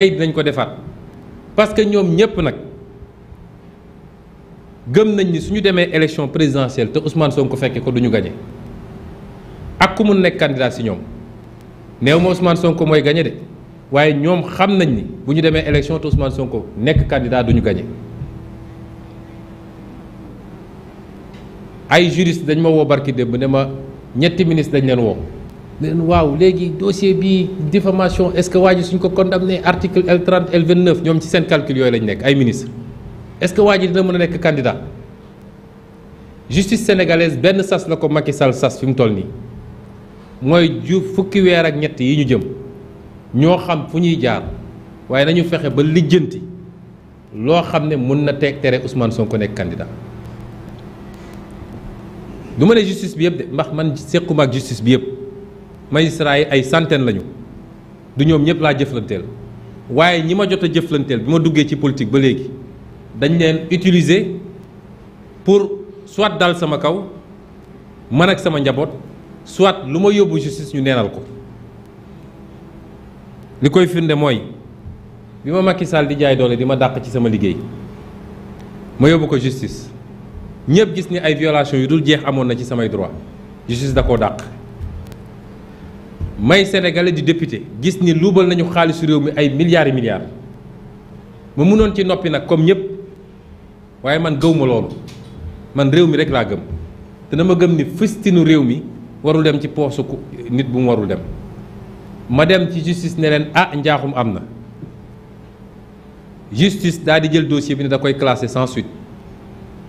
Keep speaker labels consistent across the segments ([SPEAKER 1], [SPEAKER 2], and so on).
[SPEAKER 1] tey dinañ ko defaat parce que ñoom ñëpp nag gëm nañ ni suñu demee élection présidentielle te son ko fekkee ko duñu gagné ak ku mu nekk candidat si ñoom néew ma Ousmane Sonko mooy gagné de waaye ñoom xam nañ ni bu ñu demee élection te Ousmane Sonko nekk candidat duñu gagné. ay juriste dañ ma woo barki démb ne ma ñetti ministre dañ leen woo. leen waaw léegi dossier bi diffamation est-ce que waa suñ ko kon condamné article L30 L29 ñoom ci seen calcul yooyu lañ nekk ay ministre est-ce que waa ji dina mën a nekk candidat justice sénégalaise benn sas la ko Macky Sall sas fi mu toll nii mooy ju fukki weer ak ñett yi ñu jëm ñoo xam fu ñuy jaar waaye nañu fexe ba lijjanti loo xam ne mun na teg tere soo ko nekk candidat du ma ne justice bi yëpp de ndax man séquma ak bi yëpp magistrats yi ay centaines lañu du ñoom ñëpp laa jëflanteel waaye ñi ma jot a jëflanteel bi ma duggee ci politique ba léegi dañ leen utilise pour soit dal sama kaw man ak sama njaboot soit lu ma yóbbu justice ñu neenal ko li koy firnde mooy bi ma Macky Sall di jaay doole di ma dàq ci sama liggéey ma yóbbu ko justice ñëpp gis ni ay violations yu dul jeex amoon na ci samay droit justice da koo dàq may sénégalais di député gis ni luubal nañu xaalisu réew mi ay milliards milliards ma mënoon ci noppi nag comme ñëpp waaye man gëw loolu man réew mi rek laa gëm te ma gëm ni fistinu réew mi warul dem ci poosu nit bu mu warul dem ma dem ci justice ne leen ah njaaxum am na justice daa di jël dossier bi ne da koy classé sans suite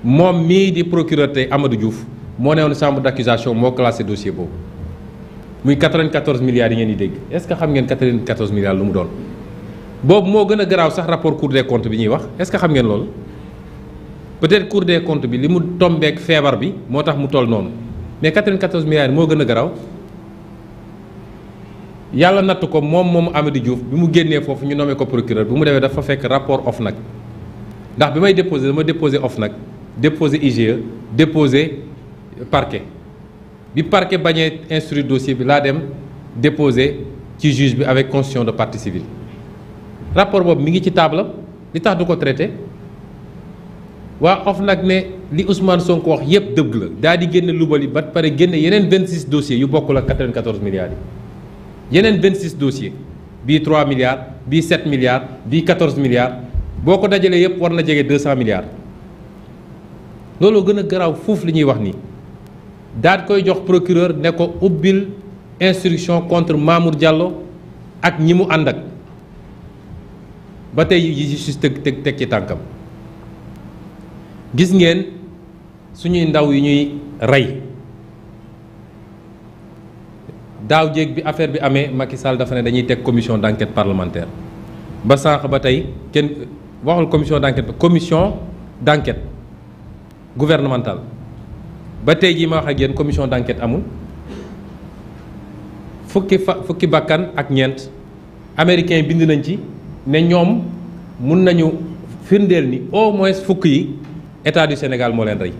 [SPEAKER 1] moom mii di procureur tey Amadou juuf moo newoon chambre d' accusation moo classé dossier boobu muy 94 milliards yi ngeen di dégg est-ce que xam ngeen 94 milliards lu mu doon boobu moo gën a garaaw sax rapport cour des comptes bi ñuy wax est-ce que xam ngeen loolu peut-être cour des comptes bi li mu tombeek feebar bi moo tax mu toll noonu mais 94 milliards moo gën a garaaw yàlla natt ko moom moom Amady Diouf bi mu génnee foofu ñu nommé ko procureur bi mu demee dafa fekk rapport OFNAC ndax bi may déposé dama déposé nag déposé IGE déposé parke bi parquet bañee instruire dossier bi laa dem déposé ci juge bi avec constitution de partie civile rapport boobu mi ngi ci table li tax du ko traité waa nag ne li Ousmane Sonko wax yépp dëgg la daa di génne lubal yi ba pare génne yeneen vingt 26 dossiers yu bokkul ak 94 milliards yi yeneen 26 dossiers bii 3 milliards bii 7 milliards bii 14 milliards boo ko dajalee yépp war na jege 200 milliards looloo gën a garaaw fuuf li ñuy wax nii. daal koy jox procureur ne ko ubbil instruction contre Mamour Diallo ak ñi mu ànd ak ba tey yi justice tëg teg ci tànkam gis ngeen suñuy ndaw yu ñuy rey daaw jéeg bi affaire bi amee Macky Sall dafa ne dañuy teg commission d'enquête parlementaire ba sànq ba tey kenn waxul commission d'enquête commission d'enquête gouvernementale ba tey jii ma wax ak yéen commission d'enquête amul fukki fa fukki bakkan ak ñeent américain bind nañ ci ne ñoom mun nañu firndeel ni au moins fukk yi état du Sénégal moo leen rey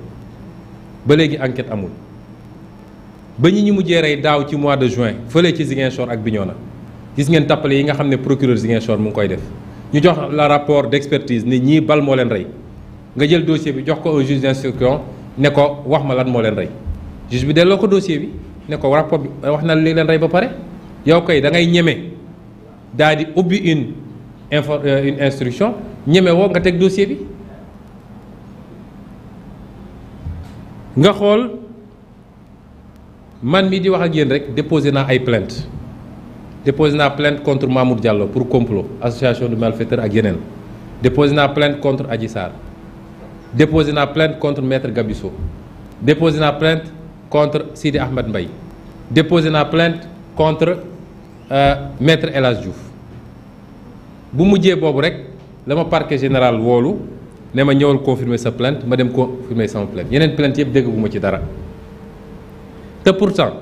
[SPEAKER 1] ba léegi enquête amul ba ñi ñu mujjee rey daaw ci mois de juin fële ci Ziguinchor ak Bignona gis ngeen tappale yi nga xam ne procureur Ziguinchor mu ngi koy def ñu jox la rapport d'expertise ni ñii bal moo leen rey nga jël dossier bi jox ko un juge d'instruction ne ko wax ma lan moo leen rey juge bi delloo ko dossier bi ne ko rapport bi wax na li leen rey ba pare yow kay da ngay ñeme daal di ubbi une info euh, une instruction ñeme woo nga teg dossier bi nga xool man mii di wax ak yéen rek déposé naa ay plainte déposé naa plainte contre Mamour Diallo pour complot association de malfaiteurs ak yeneen déposé naa plainte contre Adji Sarr déposé naa plainte contre maître Gabisso déposé naa plainte contre Sidi Ahmed mbay déposé naa plainte contre euh, maître El Hadj bu mujjee boobu rek la ma parquet général woolu ne ma ñëwal confirmer sa plainte ma dem confirmer sama plainte yeneen plainte yëpp dégguma ci dara te pour pourtant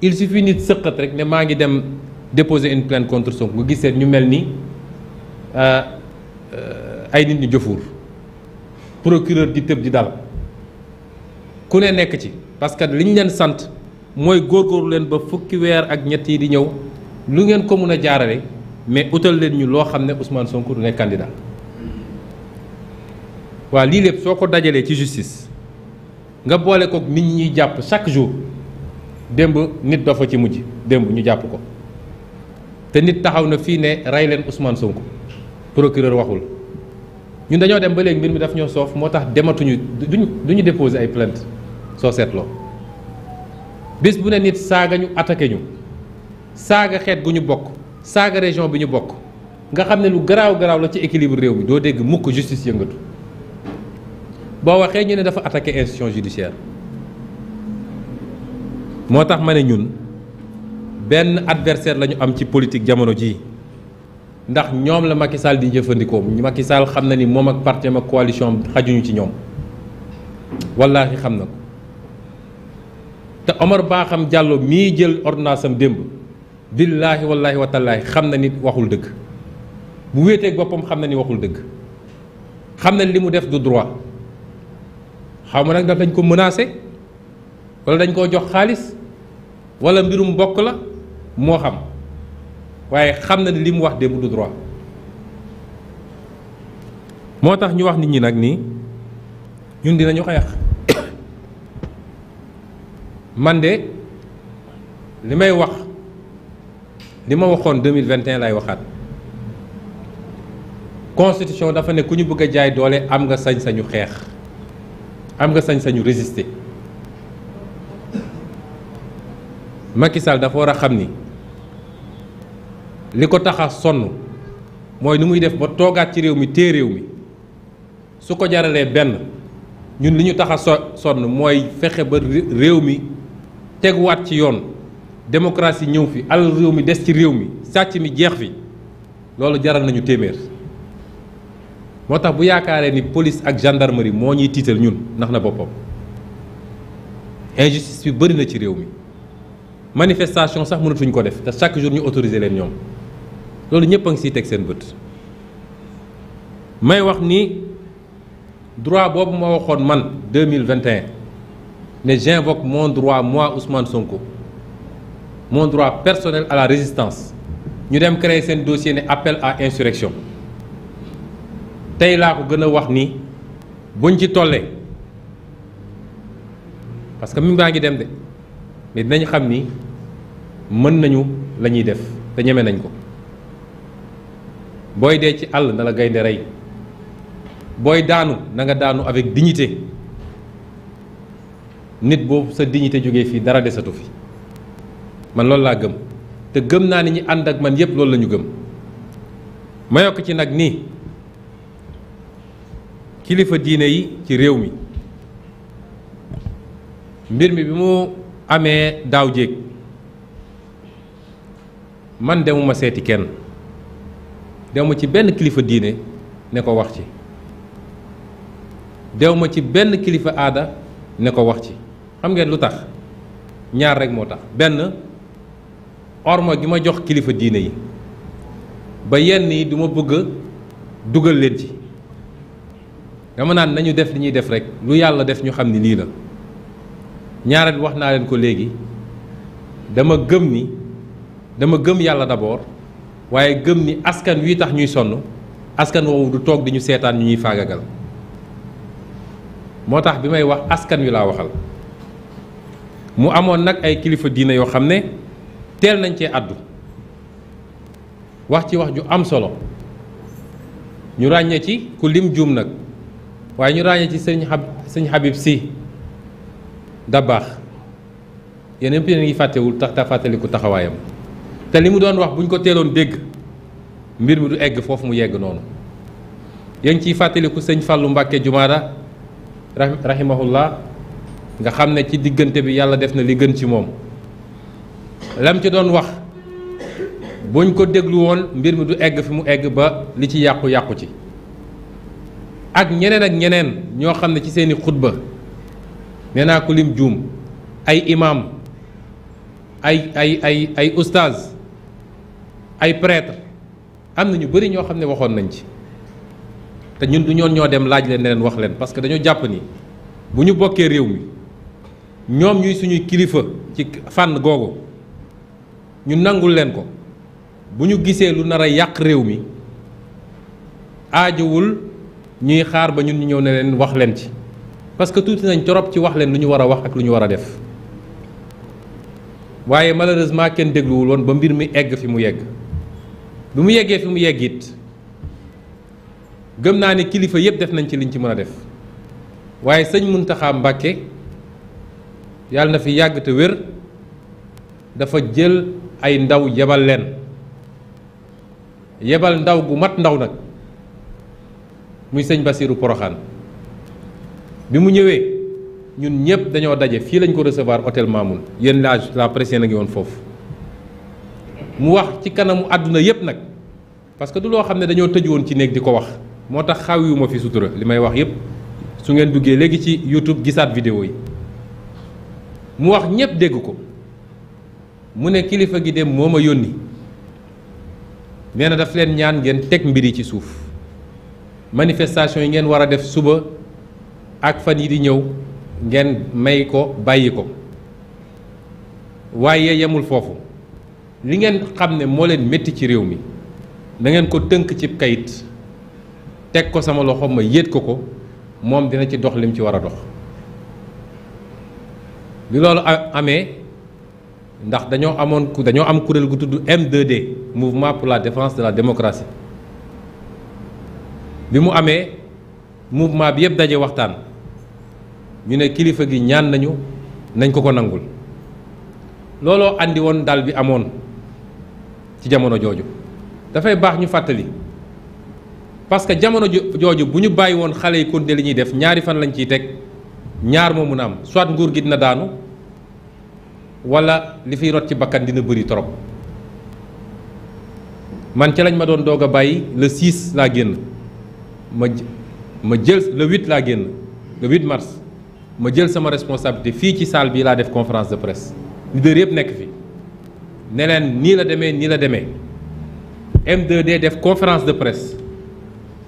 [SPEAKER 1] il suffit nit sëqat rek ne maa ngi dem déposer une plainte contre Sonko nga gis seen ñu mel ni euh, euh, ay nit ñu jëfuur procureur di tëb di dal ku ne nekk ci parce que li ñu leen sant mooy góorgóorlu leen ba fukki weer ak ñett yi di ñëw lu ngeen ko mun a jaarale mais utal leen ñu loo xam ne Ousmane Sonko du nekk candidat waa lii lépp soo ko dajalee ci justice nga boole ko nit ñi ñuy jàpp chaque jour démb nit dafa ci mujj démb ñu jàpp ko te nit taxaw na fii ne rey leen Ousmane Sonko procureur waxul. ñun dañoo dem ba léegi mbir mi daf ñoo soof moo tax dematuñu duñu duñu déposer ay plainte soo seetloo bis bu ne nit saaga ñu attaqué ñu saaga xeet gu ñu bokk saaga région bi ñu bokk nga xam ne lu garaaw garaaw la ci équilibre réew mi doo dégg mukk justice yëngatu boo waxee ñu ne dafa attaqué institution judiciaire moo tax ma ne ñun benn adversaire la ñu am ci politique jamono jii ndax ñoom la Macky Sall di jëfandikoo Macky Sall xam na ni moom ak parti am ak coalition xajuñu ci ñoom wallaahi xam na ko te Omar Baxam Diallo mii jël ordonnance am démb billaahi wallaahi wataalaahi xam na nit waxul dëgg bu wéeteeg boppam xam na ni waxul dëgg xam na li mu def du droit xaw ma nag ndax dañ ko menacé wala dañ koo jox xaalis wala mbirum mbokk la moo xam waaye xam na ne li mu wax démb du droit moo tax ñu wax nit ñi nag nii ñun dinañu xeex man de li may wax li ma waxoon 2021 lay waxaat constitution dafa ne ku ñu bëgg a jaay doole am nga sañ-sañu xeex am nga sañ-sañu résisté Macky Sall dafa a xam ni li ko tax sonn mooy nu muy def ba toogaat ci réew mi tée réew mi su ko jaralee benn ñun li ñu tax a so sonn mooy fexe ba réew mi teguwaat ci yoon démocratie ñëw fi alal réew mi des ci réew mi sàcc mi jeex fi loolu jaral nañu téeméer moo tax bu yaakaaree ni police ak gendarmerie moo ñuy tiital ñun ndax na boppam injustice bi bëri na ci réew mi manifestation sax mënatuñ ko def te chaque jour ñu autoriser leen ñoom loolu ñëpp a ngi siy teg seen bët may wax ni droit boobu ma waxoon man 2021 ne j'invoque mon droit moi Ousmane Sonko mon droit personnel à la résistance ñu dem créer seen dossier ne appel à insurrection tey laa ko gën a wax ni buñ ci tollee parce que mi baa ngi dem de mais dinañ xam ni mën nañu lañuy ñuy def te ñeme nañ ko booy dee ci àll na la gaynde rey booy daanu nanga daanu avec dignité nit boobu sa dignité jóge fii dara desatu fi man loolu laa gëm te gëm naa ni ñu ànd ak man yépp loolu lañu gëm ma yokk ci nag ni kilifa diine yi ci réew mi mbir mi bi mu amee daaw jéeg man demuma seeti kenn dew ci benn kilifa diine ne ko wax ci dew ci benn kilifa aada ne ko wax ci xam ngeen lu tax ñaar rek moo tax benn orma gi ma jox kilifa diine yi ba yenn yi duma ma bëgg dugal leen ci dama naan nañu def li ñuy def rek lu yàlla def ñu xam ni lii la ñaareel wax naa leen ko léegi dama gëm ni dama gëm yàlla d'abord waaye gëm ni askan wi tax ñuy sonn askan woowu du toog di ñu seetaan ñu ñuy faagagal moo tax bi may wax askan wi laa waxal mu amoon nag ay kilifa diina yoo xam ne teel nañ cee àddu wax ci wax ju am solo ñu ràññee ci ku lim juum nag waaye ñu ràññee ci sëñ xab sëñ Habib si da baax yeneen ngi fàttewul tax ta fàttaliku taxawaayam te li mu doon wax bu ñu ko teeloon dégg mbir mi du egg foofu mu yegg noonu yéen ciy fàttaliku sëñ Fallou Mbacke Jumaada rahimahullah nga xam ne ci diggante bi yàlla def na li gën ci moom lam ci doon wax buñ ko déglu woon mbir mi du egg fi mu egg ba li ci yàqu-yàqu ci ak ñeneen ak ñeneen ñoo xam ne ci seeni xutba nee naa ko lim juum ay imam ay ay ay ay ustaz ay prêtre am na ñu bëri ñoo xam ne waxoon nañ ci te ñun du ñoo dem laaj leen ne wax leen parce que dañoo jàpp ni bu ñu bokkee réew mi ñoom ñuy suñuy kilifa ci fànn googu ñu nangul leen ko bu ñu gisee lu nar a yàq réew mi aajowul ñuy xaar ba ñun ñu ñëw ne leen wax leen ci parce que tuuti nañ torop ci wax leen lu ñu war a wax ak lu ñu war a def waaye malheureusement kenn dégluwul woon ba mbir mi egg fi mu yegg bi mu yeggee fi mu yegg it gëm naa ne kilifa yëpp def nañ ci liñ ci mën a def waaye sëñ Muntaxa Mbàkke yàlla na fi yàgg te wér dafa jël ay ndaw yebal leen yebal ndaw gu mat ndaw nag muy sëñ Basiiru Poroxaan bi mu ñëwee ñun ñëpp dañoo daje fii lañ ko recevoir hôtel Mamoun yéen la la presse na ngi woon foofu mu wax ci kanamu àdduna yépp nag parce que du loo xam ne dañoo tëj woon ci néeg di ko wax moo tax xawiwuma fi sutura li may wax yépp su ngeen duggee léegi ci YouTube gisaat vidéo yi mu wax ñépp dégg ko mu ne kilifa gi dem moo ma yónni nee na daf leen ñaan ngeen teg mbir yi ci suuf manifestation yi ngeen war a def suba ak fan yi di ñëw ngeen may ko bàyyi ko waaye yemul foofu li ngeen xam ne moo leen métti ci réew mi na ko tënk ci kayit teg ko sama loxo ma yéet ko ko moom dina ci dox lim ci war a dox bi loolu amee ndax dañoo amoon ku dañoo am kuréel gu tudd M2D mouvement pour la défense de la démocratie bi mu amee mouvement bi yëpp daje waxtaan ñu ne kilifa gi ñaan nañu nañ ko ko nangul looloo indi woon dal bi amoon ci jamono jooju dafay baax ñu fàttali parce que jamono jooju bu ñu bàyyi woon xale yi continuer li ñuy def ñaari fan lañu ciy teg ñaar moomu mun am soit nguur gi dina daanu wala li fiy rot ci bakkan dina bëri trop man ca lañ ma doon doog a bàyyi le 6 laa génn ma jël le 8 laa génn le 8 mars ma jël sama responsabilité fii ci salle bi laa def conférence de presse leader yëpp nekk fi ne leen nii la demee nii la demee m 2 def conférence de presse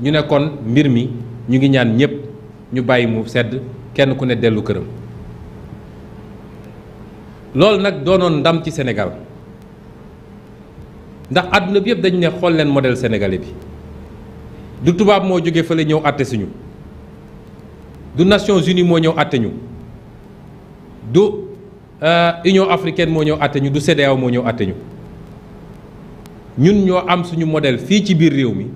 [SPEAKER 1] ñu ne kon mbir mi ñu ngi ñaan ñëpp ñu bàyyi mu sedd kenn ku ne dellu këram loolu nag doonoon ndam ci senegal ndax àdduna bi yëpp dañu ne xool leen modèle sénégalais bi du tubaab moo jóge fële ñëw àtte suñu du Nations Unies moo ñëw àtte ñu du Euh, Union africaine moo ñëw àtte ñu du CEDEAO moo ñëw àtte ñu ñun ñoo am suñu modèle fii ci biir réew mi